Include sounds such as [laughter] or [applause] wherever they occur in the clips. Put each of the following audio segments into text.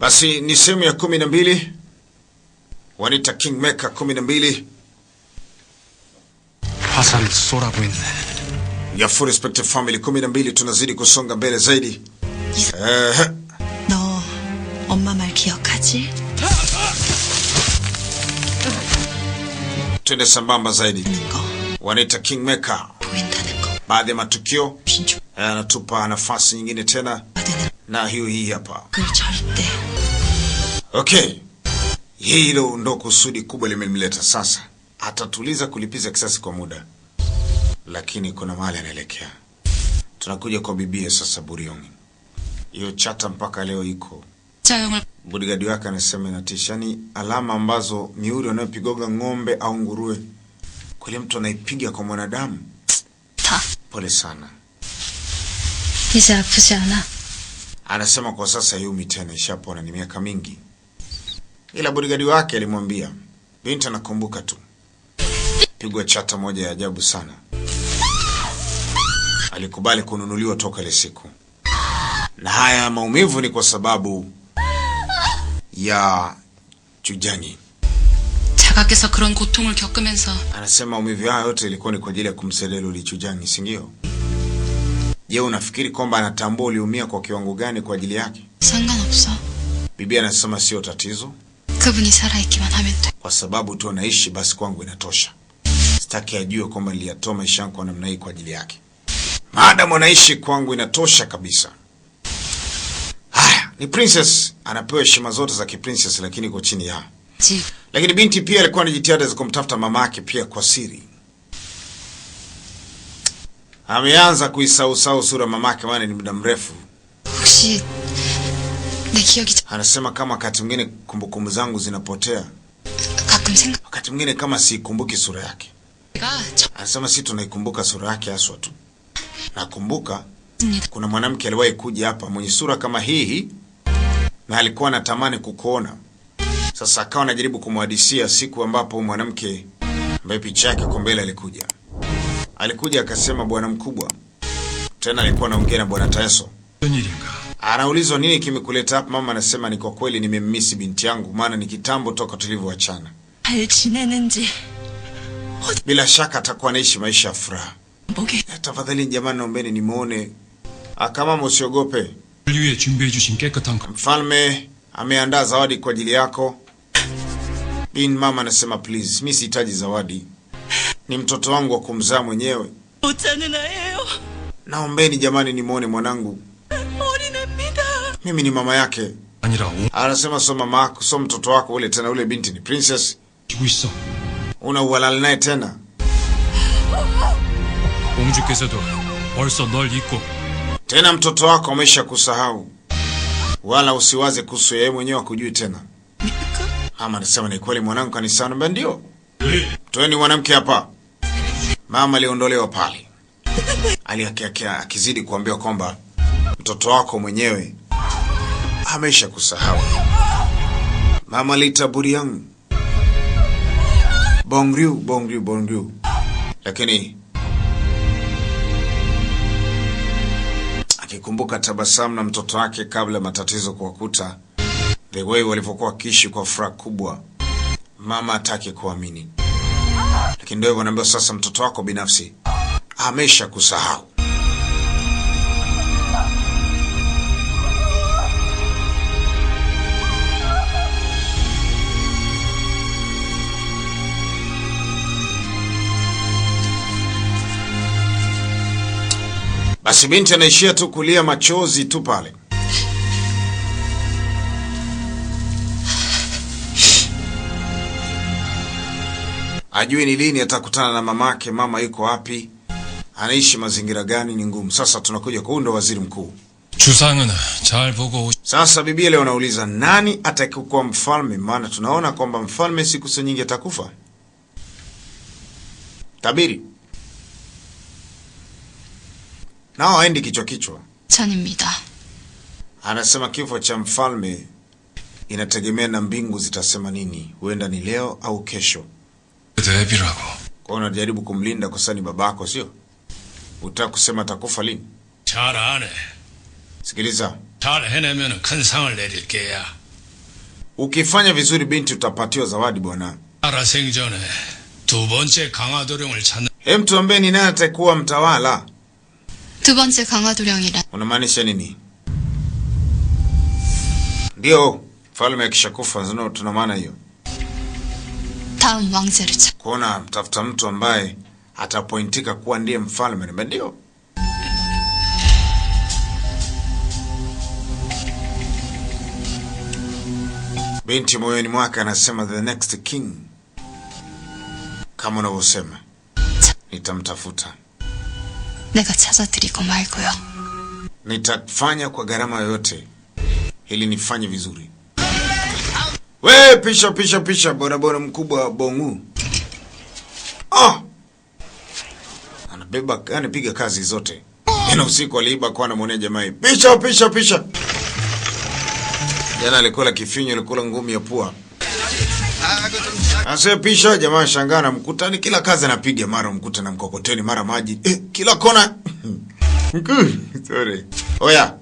Basi ni sehemu ya kumi na mbili wanaita Kingmaker kumi na mbili ya Full Respect Family kumi na mbili. Tunazidi kusonga mbele zaidi. Eh, No, omma mal kiyokaji. Twende sambamba zaidi. Wanaita Kingmaker. Baadhi ya matukio anatupa nafasi nyingine tena na hiyo hii hapa. Okay, hilo ndo kusudi kubwa limemleta sasa. Atatuliza kulipiza kisasi kwa muda, lakini kuna mahali anaelekea. Tunakuja kwa bibie sasa, Buriongi. Hiyo chata mpaka leo iko bodigadi wake anasema inatisha, ni yaani, alama ambazo miuri wanayopigoga ng'ombe au nguruwe, kule mtu anaipiga kwa mwanadamu. Pole sana. Anasema kwa sasa Yumi tena ishapona, ni miaka mingi, ila bodigadi wake alimwambia binti anakumbuka tu. Pigwa chata moja ya ajabu sana. Alikubali kununuliwa toka ile siku, na haya maumivu ni kwa sababu ya Chujani. Anasema maumivu haya yote ilikuwa ni kwa ajili ya kumsedelu lichujani, si ndio? Je, unafikiri kwamba anatambua uliumia kwa kiwango gani kwa ajili yake? Biblia anasema sio tatizo, kwa sababu tu anaishi basi, kwangu inatosha. Sitaki ajue kwamba niliyatoa maisha yangu kwa namna hii kwa ajili yake. Maadamu anaishi kwangu inatosha kabisa. Haya, ni princess, anapewa heshima zote za kiprincess, lakini iko chini ya. Lakini binti pia alikuwa na jitihada za kumtafuta mama yake pia kwa siri ameanza kuisausau sura mamake, maana ni muda mrefu. Anasema kama wakati mwingine kumbukumbu zangu zinapotea, wakati mwingine kama sikumbuki sura yake. Anasema si tunaikumbuka sura yake haswa tu. Nakumbuka kuna mwanamke aliwahi kuja hapa mwenye sura kama hii, na alikuwa anatamani kukuona. Sasa akawa anajaribu kumhadisia siku ambapo mwanamke ambaye picha yake kwa mbele alikuja alikuja akasema, bwana mkubwa, tena alikuwa anaongea na bwana Tyson. Anaulizwa, nini kimekuleta hapa mama? Anasema, ni kwa kweli nimemmisi binti yangu, maana ni kitambo toka tulivyoachana. Bila shaka atakuwa anaishi maisha ya furaha. Eh, tafadhali jamani, naombeni nimuone. Akama, msiogope, mfalme ameandaa zawadi kwa ajili yako. Bin mama anasema, please, mimi sihitaji zawadi ni mtoto wangu wa kumzaa mwenyewe. Naombeni jamani, nimwone mwanangu, mimi ni mama yake. Anasema so mama yako, so mtoto wako ule tena. Ule binti ni princess, una uhalali naye tena. Tena mtoto wako amesha kusahau, wala usiwaze kuhusu yeye mwenyewe, akujui tena. Ama nasema ni kweli mwanangu kanisani? ndio toeni mwanamke hapa. Mama aliondolewa pale, aliakiakia akizidi kuambiwa kwamba mtoto wako mwenyewe amesha kusahau. Mama aliita Buriang, Bongriu, Bongriu, Bongriu, lakini akikumbuka tabasamu na mtoto wake kabla matatizo kuwakuta, the way walivyokuwa wakiishi kwa furaha kubwa, mama hataki kuamini. Lakini ndio wanaambia sasa, mtoto wako binafsi amesha kusahau. Basi binti anaishia tu kulia machozi tu pale. ajui ni lini atakutana na mamake, mama yuko wapi, anaishi mazingira gani, ni ngumu. Sasa tunakuja kwa ndo waziri mkuu. Sasa bibi leo anauliza nani atakayekuwa mfalme, maana tunaona kwamba mfalme siku si nyingi atakufa. Tabiri nao aendi kichwa kichwa, anasema kifo cha mfalme inategemea na mbingu zitasema nini, huenda ni leo au kesho. Kwa unajaribu kumlinda kwa sababu ni babako, sio? Utaka kusema atakufa lini? Sikiliza. Ukifanya vizuri binti, utapatiwa zawadi bwana. Hem, tuambie ni nani atakuwa mtawala? Unamaanisha nini? Ndio, mfalme akishakufa, tuna maana hiyo kuona mtafuta mtu ambaye atapointika kuwa ndiye mfalme, nimendio binti moyoni mwake anasema the next king, kama unavyosema nitamtafuta, nitafanya kwa gharama yoyote ili nifanye vizuri. We pisha pisha pisha, bona bona mkubwa Bongu oh. Ah! Anabeba anapiga kazi zote Ina usiku aliiba kwa na anamwonea jamaa, pisha pisha pisha. Jana alikula kifinyo, alikula ngumi ya pua, ase pisha. Jamaa shangaa, namkutani kila kazi anapiga, mara mkuta na mkokoteni, mara maji eh, kila kona [laughs] sorry. Oya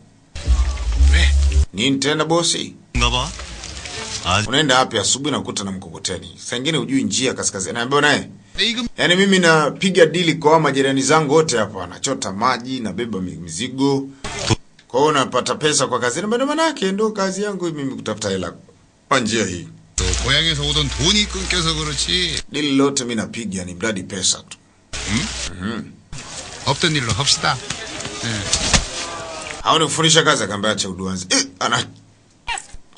eh. nini tena bosi Ngaba? unaenda wapi asubuhi, na kukuta na mkokoteni, saa ingine hujui njia kaskazini. Naambia naye yaani, mimi napiga dili kwa majirani zangu wote hapa, wanachota maji, nabeba mizigo, kwa hiyo unapata pesa kwa kazi, Ndio maana yake, ndio kazi yangu mimi kutafuta hela kwa njia hii. kurochi. Dili lote mimi napiga, ni mradi pesa tu. Mhm. hapsta. Eh. Haunifundisha kazi, akaambia acha uduanze. Eh, ana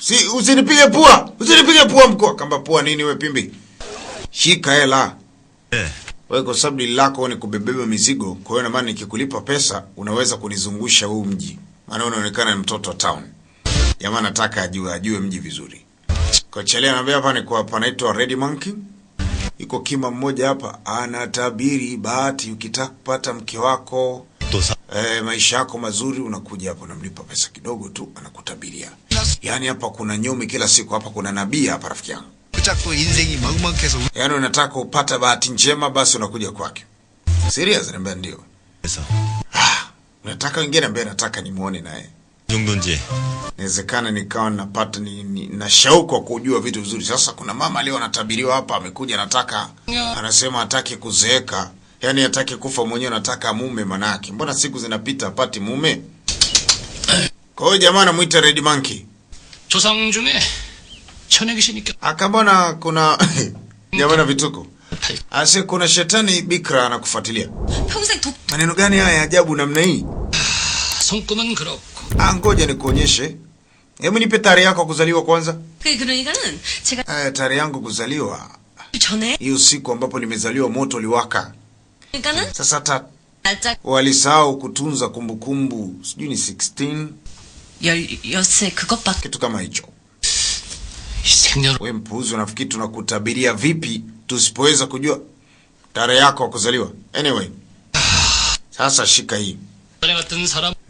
Si usinipige pua. Usinipige pua mko. Kamba pua nini we pimbi? Shika hela. Eh. Wewe kwa sababu lako ni kubebeba mizigo, kwa hiyo na maana nikikulipa pesa unaweza kunizungusha huu mji. Maana unaonekana ni mtoto wa town. Jamaa nataka ajue ajue mji vizuri. Kochelea anambia hapa ni kwa panaitwa Red Monkey. Iko kima mmoja hapa anatabiri bahati, ukitaka kupata mke wako, eh, maisha yako mazuri, unakuja hapo, namlipa pesa kidogo tu, anakutabiria. Yani hapa kuna nyumi kila siku, hapa kuna nabii hapa, rafiki yangu. Yani unataka upata bahati njema, basi unakuja kwake. Serious, niambia ndio. Ah, nataka wengine ambaye nataka nimuone naye. Inawezekana nikawa napata ni, ni, na shauku wa kujua vitu vizuri. Sasa kuna mama leo anatabiriwa hapa, amekuja anataka, anasema hataki kuzeeka, yani hataki kufa mwenyewe, anataka mume manake. Mbona siku zinapita apati mume? Kwa hiyo jamaa anamuita Red Monkey. 조상 중에 천의 귀신이 아까보나 kuna jamani [laughs] na vituko asi, kuna shetani bikra anakufuatilia 평생 독 maneno gani haya ajabu namna hii? 손금은 ah, 그렇고 Ah, ngoja nikuonyeshe. Hebu nipe tarehe yako ya kwanza. 그 그러니까는 제가 Eh, yangu kuzaliwa 전에 hiyo siku ambapo nimezaliwa moto liwaka 그러니까는 Sasa ta, walisahau kutunza kumbukumbu, sijui ni 16 열, 그것밖에 kitu kama hicho. We mpuuzi, unafikiri tunakutabiria vipi tusipoweza kujua tarehe yako ya kuzaliwa? Anyway, sasa shika hii,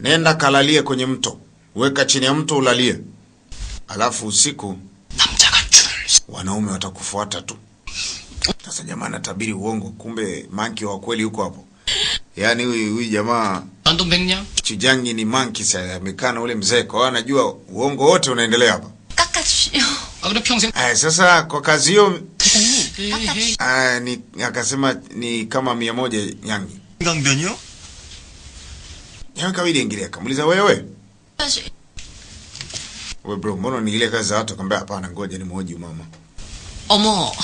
nenda kalalie kwenye mto, weka chini ya mto ulalie, alafu usiku wanaume watakufuata tu. Sasa jamaa anatabiri uongo, kumbe manki wa kweli huko hapo. Yaani huyu jamaa Antum mbengnya? Chujangi ni monkey sa amekaa na ule mzee kwa hiyo anajua uongo wote unaendelea hapa. Kaka. chiyo. Ah, sasa kwa kazi yo... ah, ni akasema ni kama mia moja yangi. Ngangenyo? Yangi kawili ingilia kamuliza wewe. Wewe bro, mbono ni ile kazi watu kambia hapana ngoja ni mwoji umama. Omo.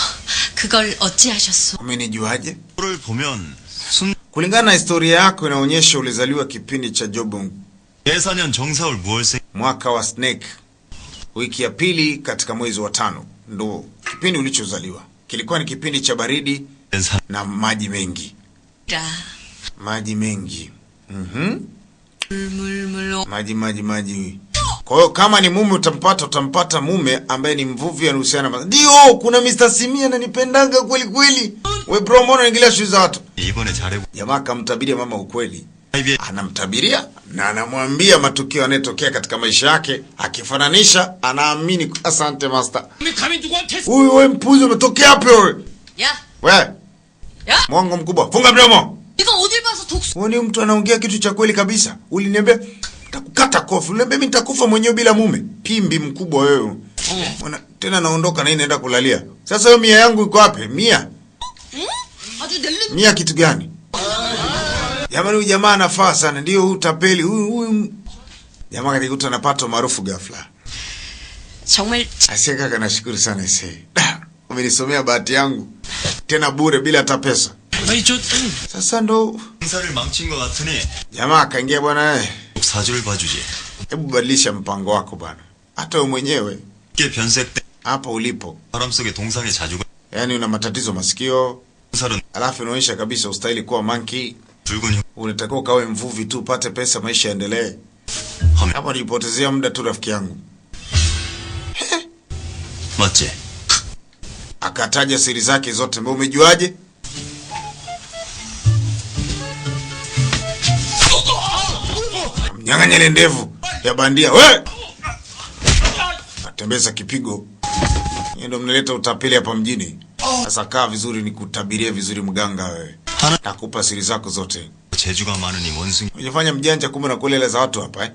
그걸 어찌 하셨소? 고민이 주하지? 그를 보면 순 Kulingana na historia yako inaonyesha ulizaliwa kipindi cha Jobong mwaka wa snake, wiki ya pili katika mwezi wa tano, ndo kipindi ulichozaliwa. Kilikuwa ni kipindi cha baridi na maji mengi da. maji mengi mm maji maji maji kwa hiyo kama ni mume utampata, utampata mume ambaye ni mvuvi anahusiana na ndio. Kuna Mr. Simia ananipendanga kweli kweli. We bro, mbona unaingilia shughuli za watu? Jamaa kamtabiria mama ukweli, anamtabiria na anamwambia matukio yanayotokea katika maisha yake, akifananisha, anaamini. Asante master. Huyu we mpuzi, umetokea wapi wewe? We mwongo mkubwa, funga mdomo. Ni mtu anaongea kitu cha kweli kabisa, uliniambia nitakukata kofi. Ule mimi nitakufa mwenyewe bila mume. Pimbi mkubwa wewe. Eh. Ona tena naondoka na hii naenda kulalia. Sasa hiyo mia yangu iko wapi? Mia? Hmm? Mia kitu gani? Jamani huyu jamaa anafaa sana. Ndio huyu tapeli. Huyu huyu jamaa kaikuta anapata maarufu ghafla. Chomel. Asika kana shukuru sana ise. Da, [clears throat] umenisomea bahati yangu. Tena bure bila hata pesa. Sasa ndo. Jamaa akaingia bwana eh. 사주를 봐주지. Hebu badilisha mpango wako bana, hata wewe mwenyewe ke hapa ulipo, 바람 속에 동상에 자주가 yani una matatizo masikio, alafu unaonyesha kabisa ustahili kuwa monkey. Unatakiwa ukawe mvuvi tu upate pesa, maisha yaendelee. hapo nilipotezea muda tu rafiki yangu Mache akataja siri zake zote. Mbona umejuaje? Nyang'anya ile ndevu ya bandia we, atembeza kipigo. Ndio mnaleta utapeli hapa mjini. Sasa kaa vizuri, nikutabirie vizuri mganga. Wewe nakupa siri zako zote, unajifanya mjanja, kumbe za watu hapa eh?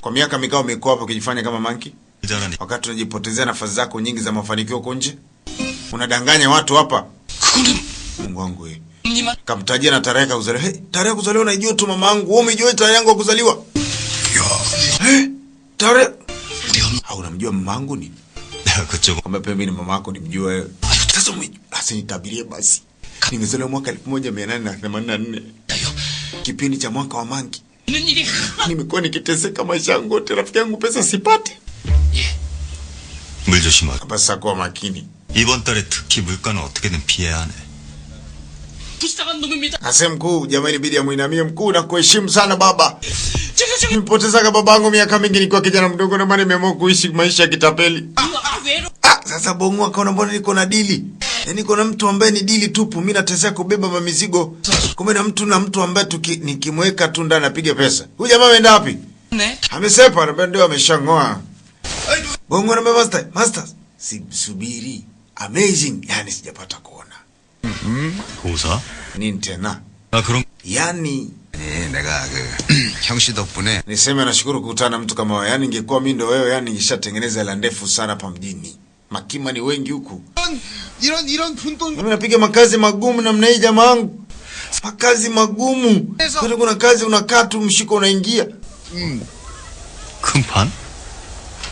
Kwa miaka mikao umekuwa hapa ukijifanya kama manki, wakati unajipotezea nafasi zako nyingi za mafanikio huko nje, unadanganya watu hapa. Mungu wangu wewe. Kamtajia na tarehe ya kuzaliwa. Hey, tarehe ya kuzaliwa naijua tu mamangu. Wewe umejua tarehe yangu ya kuzaliwa? Hey, tarehe. Au unamjua mamangu ni? [laughs] Kama pembe ni mamako nimjua wewe. Sasa umenitabirie basi. Nimezaliwa mwaka 1884. Kipindi cha mwaka wa mangi. Nimekuwa nikiteseka maisha yangu yote, rafiki yangu, pesa sipati. 물 조심하고. Basi kwa makini. Ibon 이번 달에 특히 물가는 어떻게든 피해야 하네. Asem mkuu, jamani, bidi amwinamie mkuu na kuheshimu sana baba. Nimepotezaga babangu miaka mingi nikiwa kijana mdogo, na maana nimeamua kuishi maisha ya kitapeli. Ah, ah, ah sasa Bongo akaona mbona niko na dili? Yaani eh, kuna mtu ambaye ni dili tupu, mimi nateseka kubeba mamizigo. Kumbe na mtu na mtu ambaye tuki nikimweka tu ndani anapiga pesa. Huyu jamaa ameenda wapi? Amesepa, anambia ndio ameshangoa. Bongo anambia master, master, subiri. Amazing, yani sijapata kwa 음. Mm-hmm. 고사? 닌아 그럼? 야니. 네, 내가 그 [clears throat] 형씨 덕분에 네, 세면아 nashukuru 구타나 mtu kama wewe. Yani ingekuwa mimi ndo wewe, yani ingeshatengeneza hela ndefu sana hapa mjini. Makima ni wengi huku. iron iron punto mimi napiga makazi magumu namna hii, jamaa wangu, makazi magumu. Kwetu kuna kazi unakaa tu mshiko unaingia. Mm. Kumpan.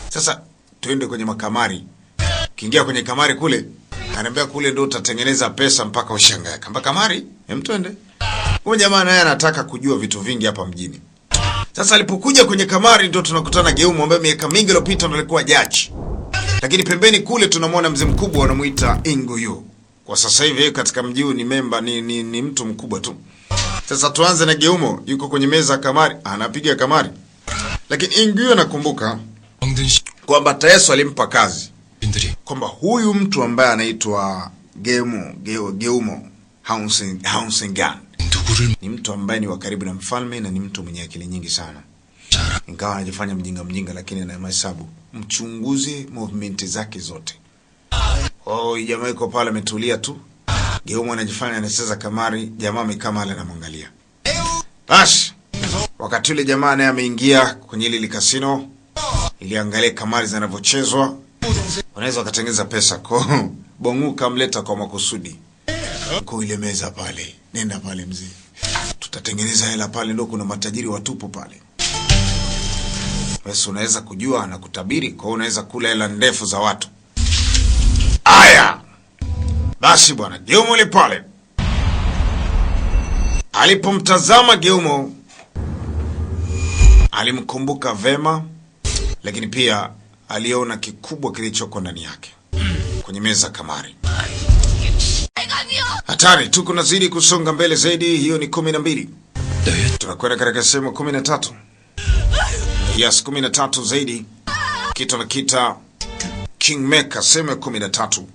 Sasa tuende kwenye makamari. kiingia kwenye kamari kule Anambia kule ndo utatengeneza pesa mpaka ushangae. Kamba kamari, hem twende. Huyo jamaa naye anataka kujua vitu vingi hapa mjini. Sasa alipokuja kwenye kamari ndo tunakutana Geumu ambaye miaka mingi iliyopita ndo alikuwa jaji. Lakini pembeni kule tunamwona mzee mkubwa wanamuita Ingoyo. Kwa sasa hivi katika mji huu ni memba ni, ni, ni mtu mkubwa tu. Sasa tuanze na Geumo, yuko kwenye meza kamari, anapiga kamari. Lakini Ingoyo nakumbuka kwamba Tayeso alimpa kazi kwamba huyu mtu ambaye anaitwa Geumo Geu, Geumo Hausengan ni mtu ambaye ni wa karibu na mfalme na ni mtu mwenye akili nyingi sana, ingawa anajifanya mjinga mjinga, lakini ana mahesabu. Mchunguze movement zake zote. Oh, jamaa yuko pale ametulia tu. Geumo anajifanya anacheza kamari, jamaa amekaa mahali anamwangalia. Bas. Wakati ule jamaa naye ameingia kwenye ile kasino, iliangalia kamari zinavyochezwa unaweza wakatengeza pesa ko [laughs] Bongu kamleta kwa makusudi ko ile meza pale, nenda pale mzee, tutatengeneza hela pale, ndio kuna matajiri watupo pale. Basi unaweza kujua na kutabiri, kwa unaweza kula hela ndefu za watu. Aya basi bwana Geumo ile pale alipomtazama Geumo alimkumbuka vema, lakini pia aliona kikubwa kilichoko ndani yake kwenye meza kamari. Hatari tu kunazidi kusonga mbele zaidi. Hiyo ni kumi na mbili, tunakwenda katika sehemu kumi na tatu. Yes, kumi na tatu zaidi kitu nakita Kingmaker sehemu ya kumi na tatu.